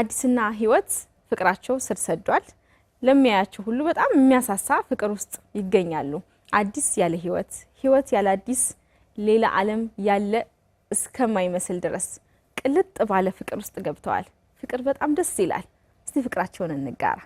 አዲስና ህይወት ፍቅራቸው ስር ሰዷል። ለሚያያቸው ሁሉ በጣም የሚያሳሳ ፍቅር ውስጥ ይገኛሉ። አዲስ ያለ ህይወት፣ ህይወት ያለ አዲስ፣ ሌላ ዓለም ያለ እስከማይመስል ድረስ ቅልጥ ባለ ፍቅር ውስጥ ገብተዋል። ፍቅር በጣም ደስ ይላል። እስቲ ፍቅራቸውን እንጋራ።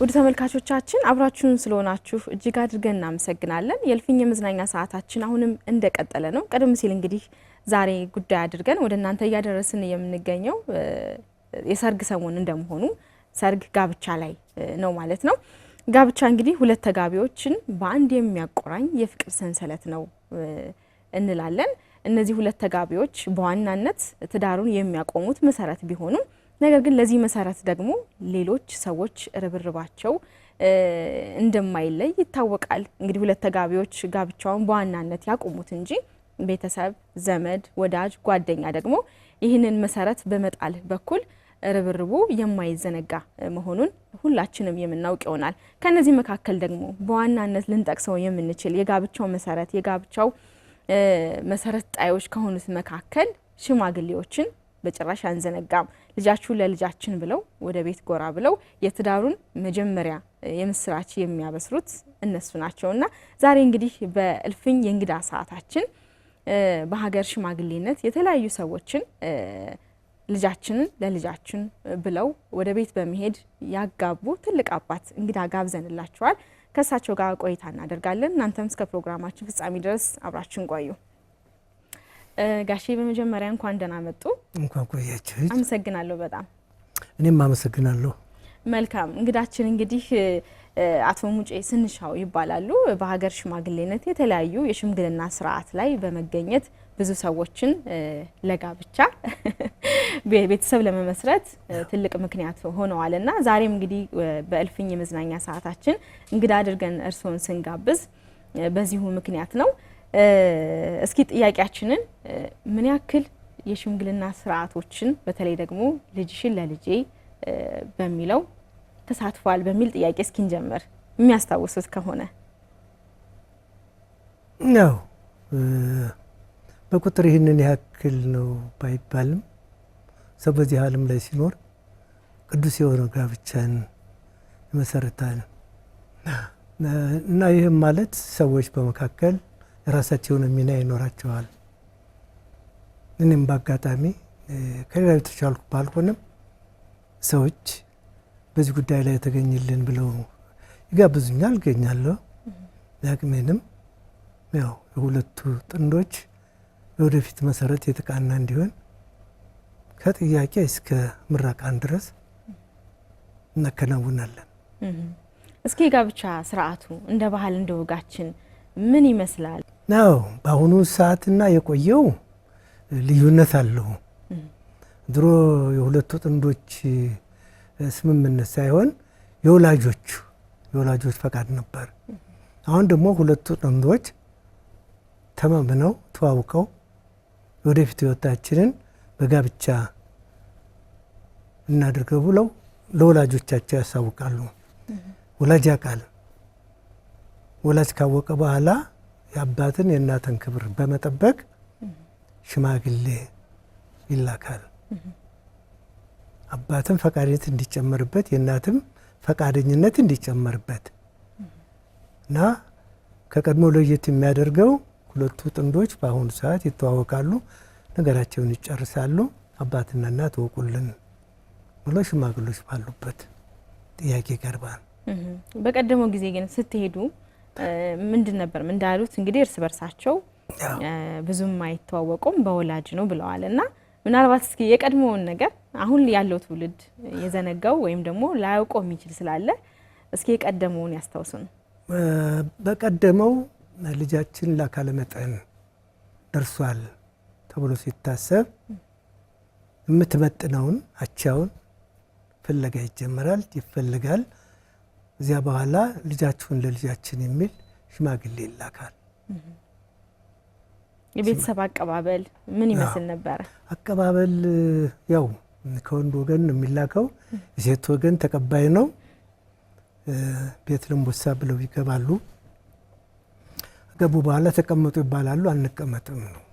ውድ ተመልካቾቻችን አብራችሁን ስለሆናችሁ እጅግ አድርገን እናመሰግናለን። የእልፍኝ የመዝናኛ ሰዓታችን አሁንም እንደቀጠለ ነው። ቀደም ሲል እንግዲህ ዛሬ ጉዳይ አድርገን ወደ እናንተ እያደረስን የምንገኘው የሰርግ ሰሞን እንደመሆኑ ሰርግ ጋብቻ ላይ ነው ማለት ነው። ጋብቻ እንግዲህ ሁለት ተጋቢዎችን በአንድ የሚያቆራኝ የፍቅር ሰንሰለት ነው እንላለን። እነዚህ ሁለት ተጋቢዎች በዋናነት ትዳሩን የሚያቆሙት መሰረት ቢሆኑም ነገር ግን ለዚህ መሰረት ደግሞ ሌሎች ሰዎች ርብርባቸው እንደማይለይ ይታወቃል። እንግዲህ ሁለት ተጋቢዎች ጋብቻውን በዋናነት ያቆሙት እንጂ ቤተሰብ፣ ዘመድ፣ ወዳጅ፣ ጓደኛ ደግሞ ይህንን መሰረት በመጣል በኩል ርብርቡ የማይዘነጋ መሆኑን ሁላችንም የምናውቅ ይሆናል። ከነዚህ መካከል ደግሞ በዋናነት ልንጠቅሰው የምንችል የጋብቻው መሰረት የጋብቻው መሰረት ጣዮች ከሆኑት መካከል ሽማግሌዎችን በጭራሽ አንዘነጋም። ልጃችሁን ለልጃችን ብለው ወደ ቤት ጎራ ብለው የትዳሩን መጀመሪያ የምስራች የሚያበስሩት እነሱ ናቸውና ዛሬ እንግዲህ በእልፍኝ የእንግዳ ሰዓታችን በሀገር ሽማግሌነት የተለያዩ ሰዎችን ልጃችንን ለልጃችን ብለው ወደ ቤት በመሄድ ያጋቡ ትልቅ አባት እንግዳ ጋብዘንላቸዋል ከእሳቸው ጋር ቆይታ እናደርጋለን። እናንተም እስከ ፕሮግራማችን ፍጻሜ ድረስ አብራችን ቆዩ። ጋሼ በመጀመሪያ እንኳን ደህና መጡ። እንኳን ቆያችሁ። አመሰግናለሁ በጣም እኔም አመሰግናለሁ። መልካም እንግዳችን እንግዲህ አቶ ሙጬ ስንሻው ይባላሉ። በሀገር ሽማግሌነት የተለያዩ የሽምግልና ስርዓት ላይ በመገኘት ብዙ ሰዎችን ለጋብቻ ቤተሰብ ለመመስረት ትልቅ ምክንያት ሆነዋል እና ዛሬም እንግዲህ በእልፍኝ የመዝናኛ ሰዓታችን እንግዳ አድርገን እርስዎን ስንጋብዝ በዚሁ ምክንያት ነው። እስኪ ጥያቄያችንን ምን ያክል የሽምግልና ስርዓቶችን በተለይ ደግሞ ልጅሽን ለልጄ በሚለው ተሳትፏል በሚል ጥያቄ እስኪንጀምር የሚያስታውሱት ከሆነ ነው። በቁጥር ይህንን ያክል ነው ባይባልም ሰው በዚህ ዓለም ላይ ሲኖር ቅዱስ የሆነው ጋብቻን ይመሰርታል እና ይህም ማለት ሰዎች በመካከል ራሳቸውን ሚና ይኖራቸዋል። እኔም በአጋጣሚ ከሌላ የተሻልኩ ባልሆንም ሰዎች በዚህ ጉዳይ ላይ የተገኝልን ብለው ይጋብዙኛል፣ እገኛለሁ። ያቅሜንም ያው የሁለቱ ጥንዶች የወደፊት መሰረት የተቃና እንዲሆን ከጥያቄ እስከ ምረቃን ድረስ እናከናውናለን። እስኪ ጋብቻ ስርዓቱ እንደ ባህል እንደ ወጋችን ምን ይመስላል? ነው። በአሁኑ ሰዓትና የቆየው ልዩነት አለው። ድሮ የሁለቱ ጥንዶች ስምምነት ሳይሆን የወላጆች የወላጆች ፈቃድ ነበር። አሁን ደግሞ ሁለቱ ጥንዶች ተማምነው ተዋውቀው ወደፊት ህይወታችንን በጋብቻ እናድርገው ብለው ለወላጆቻቸው ያሳውቃሉ። ወላጅ ያውቃል። ወላጅ ካወቀ በኋላ የአባትን የእናትን ክብር በመጠበቅ ሽማግሌ ይላካል። አባትም ፈቃደኝነት እንዲጨመርበት የእናትም ፈቃደኝነት እንዲጨመርበት እና ከቀድሞ ለየት የሚያደርገው ሁለቱ ጥንዶች በአሁኑ ሰዓት ይተዋወቃሉ፣ ነገራቸውን ይጨርሳሉ። አባትና እናት ወቁልን ብሎ ሽማግሎች ባሉበት ጥያቄ ይቀርባል። በቀደመው ጊዜ ግን ስትሄዱ ምንድን ነበር እንዳሉት እንግዲህ እርስ በርሳቸው ብዙም አይተዋወቁም በወላጅ ነው ብለዋል። እና ምናልባት እስኪ የቀድሞውን ነገር አሁን ያለው ትውልድ የዘነጋው ወይም ደግሞ ላያውቀው የሚችል ስላለ እስኪ የቀደመውን ያስታውሱን። በቀደመው ልጃችን ለአካለ መጠን ደርሷል ተብሎ ሲታሰብ የምትመጥነውን አቻውን ፍለጋ ይጀመራል፣ ይፈልጋል። እዚያ በኋላ ልጃችሁን ለልጃችን የሚል ሽማግሌ ይላካል። የቤተሰብ አቀባበል ምን ይመስል ነበረ? አቀባበል ያው ከወንድ ወገን ነው የሚላከው፣ የሴት ወገን ተቀባይ ነው። ቤት ልንቦሳ ብለው ይገባሉ። ገቡ በኋላ ተቀመጡ ይባላሉ። አንቀመጥም ነው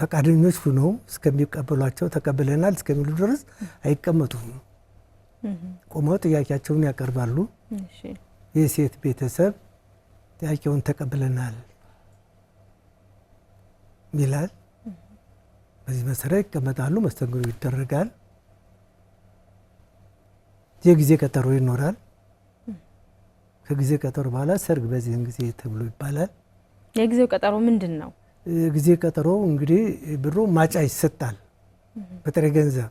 ፈቃደኞች ሁነው እስከሚቀበሏቸው ተቀብለናል እስከሚሉ ድረስ አይቀመጡም። ቆመው ጥያቄያቸውን ያቀርባሉ። የሴት ቤተሰብ ጥያቄውን ተቀብለናል ይላል። በዚህ መሰረት ይቀመጣሉ። መስተንግዶ ይደረጋል። የጊዜ ቀጠሮ ይኖራል። ከጊዜ ቀጠሮ በኋላ ሰርግ በዚህን ጊዜ ተብሎ ይባላል። የጊዜው ቀጠሮ ምንድን ነው? ጊዜ ቀጠሮ እንግዲህ ብሩ ማጫ ይሰጣል በጥሬ ገንዘብ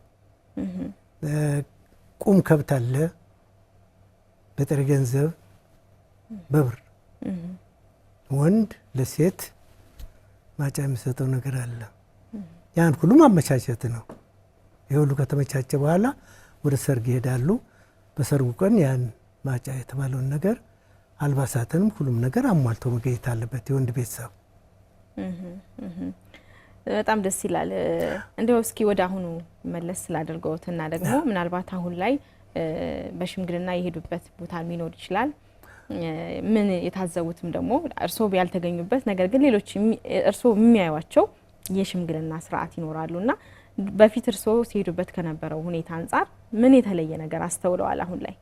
ቁም ከብት አለ በጥሬ ገንዘብ በብር ወንድ ለሴት ማጫ የሚሰጠው ነገር አለ። ያን ሁሉ ማመቻቸት ነው። ይህ ሁሉ ከተመቻቸ በኋላ ወደ ሰርግ ይሄዳሉ። በሰርጉ ቀን ያን ማጫ የተባለውን ነገር አልባሳትንም፣ ሁሉም ነገር አሟልቶ መገኘት አለበት የወንድ ቤተሰብ በጣም ደስ ይላል። እንደው እስኪ ወደ አሁኑ መለስ ስላደርገውት ደግሞ ምናልባት አሁን ላይ በሽምግልና የሄዱበት ቦታ ሊኖር ይችላል ምን የታዘቡትም ደግሞ እርስዎ ያልተገኙበት ነገር ግን ሌሎች እርስዎ የሚያዩቸው የሽምግልና ስርዓት ይኖራሉ እና በፊት እርስዎ ሲሄዱበት ከነበረው ሁኔታ አንጻር ምን የተለየ ነገር አስተውለዋል? አሁን ላይ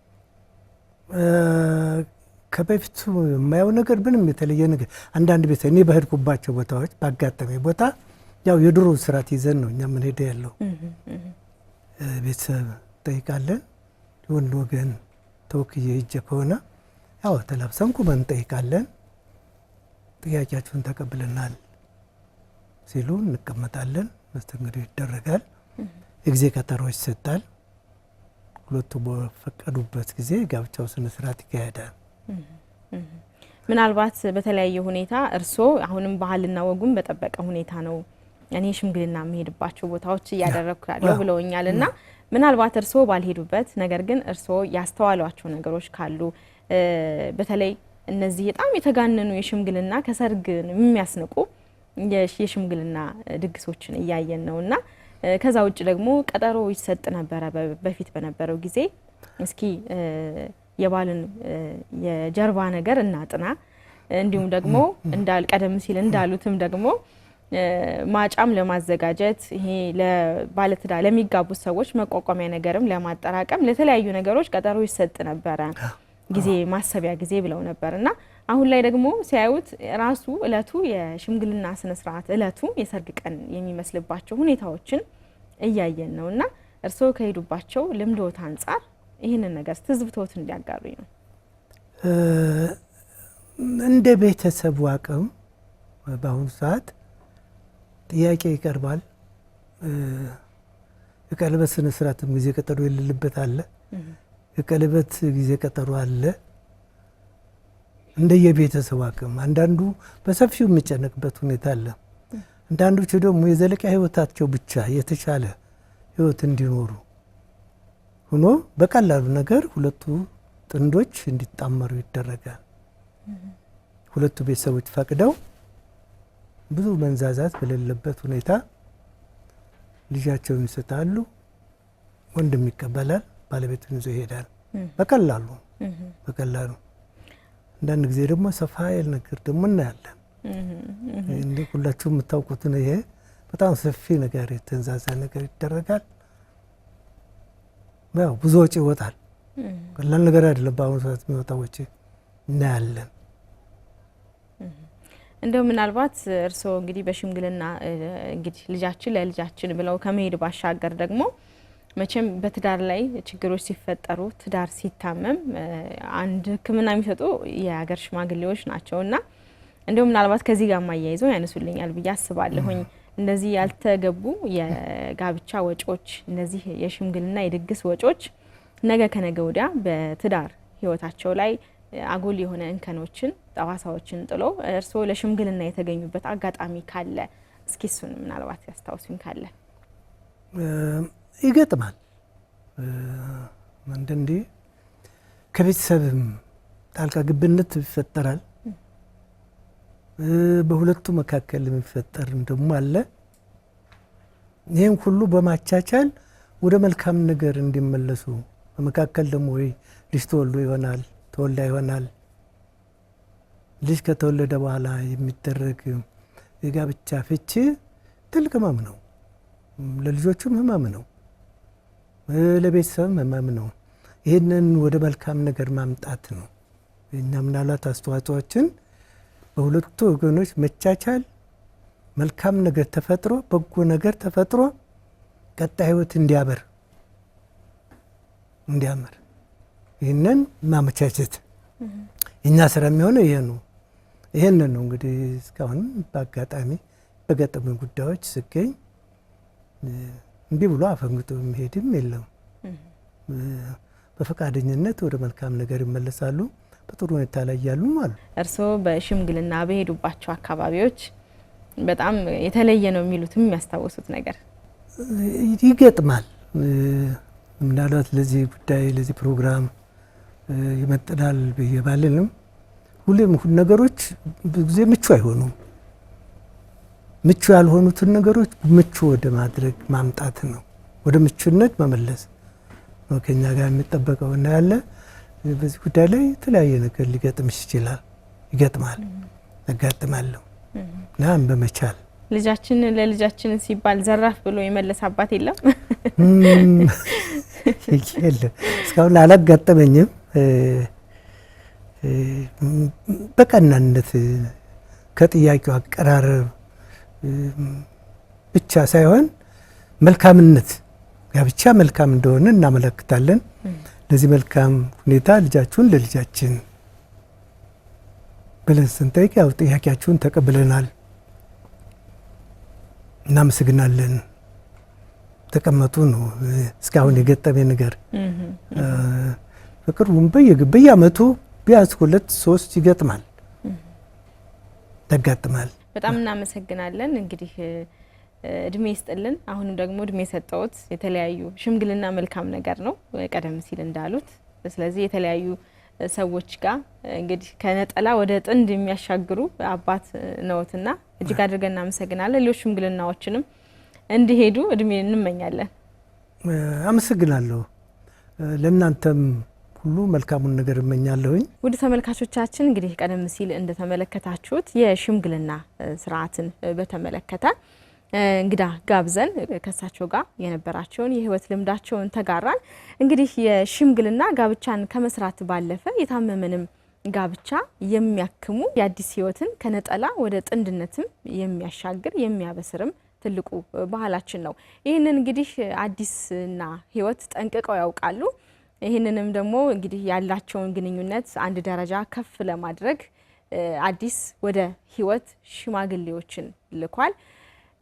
ከበፊቱ የማየው ነገር ምንም የተለየ ነገር አንዳንድ ቤተ እኔ በሄድኩባቸው ቦታዎች ባጋጠመ ቦታ ያው የድሮ ስርዓት ይዘን ነው እኛ ምንሄደ ያለው ቤተሰብ ጠይቃለን። ወንድ ወገን ተወክዬ እጀ ከሆነ ያው ተላብሰን ቁመን እንጠይቃለን። ጥያቄያችሁን ተቀብለናል ሲሉ እንቀመጣለን። መስተንግዶ ይደረጋል። የጊዜ ቀጠሮ ይሰጣል። ሁለቱ በፈቀዱበት ጊዜ ጋብቻው ስነ ስርዓት ይካሄዳል። ምናልባት በተለያየ ሁኔታ እርስዎ አሁንም ባህልና ወጉን በጠበቀ ሁኔታ ነው እኔ ሽምግልና የምሄድባቸው ቦታዎች እያደረግኩ ያለው ብለውኛል እና ምናልባት እርስዎ ባልሄዱበት ነገር ግን እርስዎ ያስተዋሏቸው ነገሮች ካሉ በተለይ እነዚህ በጣም የተጋነኑ የሽምግልና ከሰርግን የሚያስንቁ የሽምግልና ድግሶችን እያየን ነው እና ከዛ ውጭ ደግሞ ቀጠሮ ይሰጥ ነበረ በፊት በነበረው ጊዜ። እስኪ የባልን የጀርባ ነገር እናጥና፣ እንዲሁም ደግሞ ቀደም ሲል እንዳሉትም ደግሞ ማጫም ለማዘጋጀት ይሄ ለባለትዳር ለሚጋቡት ሰዎች መቋቋሚያ ነገርም ለማጠራቀም ለተለያዩ ነገሮች ቀጠሮ ይሰጥ ነበረ። ጊዜ ማሰቢያ ጊዜ ብለው ነበር እና አሁን ላይ ደግሞ ሲያዩት ራሱ እለቱ የሽምግልና ስነስርዓት እለቱ የሰርግ ቀን የሚመስልባቸው ሁኔታዎችን እያየን ነው እና እርስዎ ከሄዱባቸው ልምዶት አንጻር ይህንን ነገር ትዝብቶት እንዲያጋሩኝ ነው። እንደ ቤተሰቡ አቅም በአሁኑ ሰዓት ጥያቄ ይቀርባል። የቀለበት ስነ ስርዓትም ጊዜ ቀጠሮ የሌለበት አለ። የቀለበት ጊዜ ቀጠሮ አለ። እንደየቤተሰቡ አቅም አንዳንዱ በሰፊው የሚጨነቅበት ሁኔታ አለ። አንዳንዶች ደግሞ የዘለቂያ ህይወታቸው ብቻ የተሻለ ህይወት እንዲኖሩ ሆኖ በቀላሉ ነገር ሁለቱ ጥንዶች እንዲጣመሩ ይደረጋል። ሁለቱ ቤተሰቦች ፈቅደው ብዙ መንዛዛት በሌለበት ሁኔታ ልጃቸውን ይሰጣሉ። ወንድም ይቀበላል፣ ባለቤቱን ይዞ ይሄዳል። በቀላሉ በቀላሉ አንዳንድ ጊዜ ደግሞ ሰፋ ያለ ነገር ደግሞ እናያለን። ሁላችሁ የምታውቁት ነው። ይሄ በጣም ሰፊ ነገር የተንዛዛ ነገር ይደረጋል። ያው ብዙ ወጪ ይወጣል። ቀላል ነገር አይደለም። በአሁኑ ሰዓት የሚወጣ ወጪ እናያለን። እንደው ምናልባት እርስዎ እንግዲህ በሽምግልና እንግዲህ ልጃችን ለልጃችን ብለው ከመሄድ ባሻገር ደግሞ መቼም በትዳር ላይ ችግሮች ሲፈጠሩ ትዳር ሲታመም አንድ ሕክምና የሚሰጡ የሀገር ሽማግሌዎች ናቸው እና እንደው ምናልባት ከዚህ ጋር ማያይዘው ያነሱልኛል ብዬ አስባለሁኝ። እነዚህ ያልተገቡ የጋብቻ ወጪዎች፣ እነዚህ የሽምግልና የድግስ ወጪዎች ነገ ከነገ ወዲያ በትዳር ህይወታቸው ላይ አጉል የሆነ እንከኖችን ጠባሳዎችን ጥሎ እርስዎ ለሽምግልና የተገኙበት አጋጣሚ ካለ እስኪ እሱን ምናልባት ያስታውሱኝ ካለ። ይገጥማል። አንዳንዴ ከቤተሰብም ጣልቃ ግብነት ይፈጠራል። በሁለቱ መካከል የሚፈጠር ደግሞ አለ። ይህም ሁሉ በማቻቻል ወደ መልካም ነገር እንዲመለሱ በመካከል ደግሞ ወይ ልጅ ተወልዶ ይሆናል ተወልዳ ይሆናል። ልጅ ከተወለደ በኋላ የሚደረግ የጋብቻ ፍቺ ትልቅ ህማም ነው። ለልጆቹም ህማም ነው፣ ለቤተሰብም ህማም ነው። ይህንን ወደ መልካም ነገር ማምጣት ነው። እኛ ምናልባት አስተዋጽኦችን በሁለቱ ወገኖች መቻቻል፣ መልካም ነገር ተፈጥሮ፣ በጎ ነገር ተፈጥሮ ቀጣይ ህይወት እንዲያበር እንዲያምር ይህንን ማመቻቸት እኛ ስራ የሚሆነው ይሄ ነው። ይህንን ነው እንግዲህ እስካሁንም በአጋጣሚ በገጠሙኝ ጉዳዮች ስገኝ እንዲህ ብሎ አፈንግጦ የሚሄድም የለም። በፈቃደኝነት ወደ መልካም ነገር ይመለሳሉ። በጥሩ ሁኔታ ላይ ያሉም አሉ። እርስዎ በሽምግልና በሄዱባቸው አካባቢዎች በጣም የተለየ ነው የሚሉትም የሚያስታውሱት ነገር ይገጥማል። ምናልባት ለዚህ ጉዳይ ለዚህ ፕሮግራም ይመጥናል ብዬ ባልልም ሁሌም ነገሮች ብዙ ጊዜ ምቹ አይሆኑም። ምቹ ያልሆኑትን ነገሮች ምቹ ወደ ማድረግ ማምጣት ነው፣ ወደ ምቹነት መመለስ ነው ከኛ ጋር የሚጠበቀው እና ያለ በዚህ ጉዳይ ላይ የተለያየ ነገር ሊገጥምሽ ይችላል፣ ይገጥማል፣ ያጋጥማለሁ እና በመቻል ልጃችን ለልጃችን ሲባል ዘራፍ ብሎ የመለስ አባት የለም የለም። እስካሁን አላጋጠመኝም። በቀናነት ከጥያቄው አቀራረብ ብቻ ሳይሆን መልካምነት ጋብቻ መልካም እንደሆነ እናመለክታለን። ለዚህ መልካም ሁኔታ ልጃችሁን ለልጃችን ብለን ስንጠይቅ ያው ጥያቄያችሁን ተቀብለናል እናመሰግናለን። ተቀመጡ ነው እስካሁን የገጠመ ነገር። በቅርቡም በየአመቱ ቢያንስ ሁለት ሶስት ይገጥማል ተጋጥማል። በጣም እናመሰግናለን። እንግዲህ እድሜ ይስጥልን። አሁንም ደግሞ እድሜ የሰጠውት የተለያዩ ሽምግልና መልካም ነገር ነው፣ ቀደም ሲል እንዳሉት። ስለዚህ የተለያዩ ሰዎች ጋር እንግዲህ ከነጠላ ወደ ጥንድ የሚያሻግሩ አባት ነዎትና እጅግ አድርገን እናመሰግናለን። ሌሎች ሽምግልናዎችንም እንዲሄዱ እድሜ እንመኛለን። አመሰግናለሁ። ለእናንተም ሁሉ መልካሙን ነገር እመኛለሁኝ። ውድ ተመልካቾቻችን እንግዲህ ቀደም ሲል እንደተመለከታችሁት የሽምግልና ስርዓትን በተመለከተ እንግዳ ጋብዘን ከእሳቸው ጋር የነበራቸውን የህይወት ልምዳቸውን ተጋራን። እንግዲህ የሽምግልና ጋብቻን ከመስራት ባለፈ የታመመንም ጋብቻ የሚያክሙ የአዲስ ህይወትን ከነጠላ ወደ ጥንድነትም የሚያሻግር የሚያበስርም ትልቁ ባህላችን ነው። ይህንን እንግዲህ አዲስና ህይወት ጠንቅቀው ያውቃሉ። ይህንንም ደግሞ እንግዲህ ያላቸውን ግንኙነት አንድ ደረጃ ከፍ ለማድረግ አዲስ ወደ ህይወት ሽማግሌዎችን ልኳል።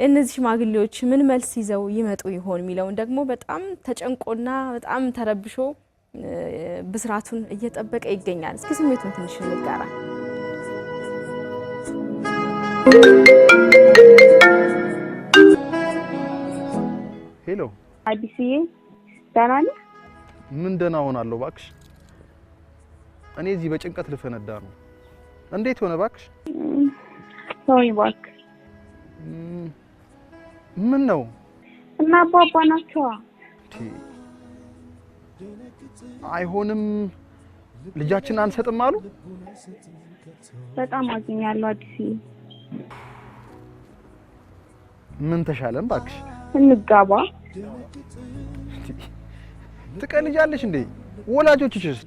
እነዚህ ሽማግሌዎች ምን መልስ ይዘው ይመጡ ይሆን የሚለውን ደግሞ በጣም ተጨንቆና በጣም ተረብሾ ብስራቱን እየጠበቀ ይገኛል። እስኪ ስሜቱን ትንሽ እንጋራ። ሄሎ አዲስዬ፣ ደህና ነህ? ምን ደህና ሆናለሁ እባክሽ። እኔ እዚህ በጭንቀት ልፈነዳ ነው። እንዴት ሆነ እባክሽ? ሶሪ እባክህ። ምን ነው? እና አባባ ናቸዋ አይሆንም ልጃችን አንሰጥም አሉ። በጣም አዝኛለሁ አዲስ። ምን ተሻለም እባክሽ፣ እንጋባ። ትቀልጃለሽ እንዴ? ወላጆችሽስ?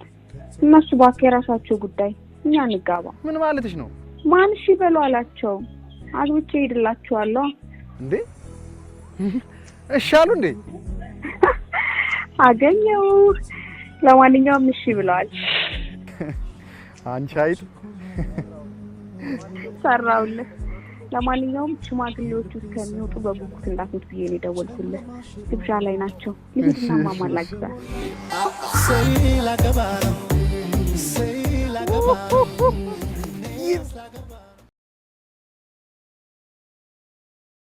እነሱ እባክህ የራሳቸው ጉዳይ፣ እኛ እንጋባ። ምን ማለትሽ ነው? ማን እሺ በሉ አላቸው። አግብቼ ሄድላችኋለሁ። እንዴ እሺ አሉ እንዴ? አገኘው ለማንኛውም እሺ ብለዋል። አንቺ አይጥ ሰራውልህ። ለማንኛውም ሽማግሌዎቹ እስከሚወጡ በጉጉት እንዳትሞት ብዬ ነው የደወልኩልህ። ግብዣ ላይ ናቸው። ይሄድና ማማላ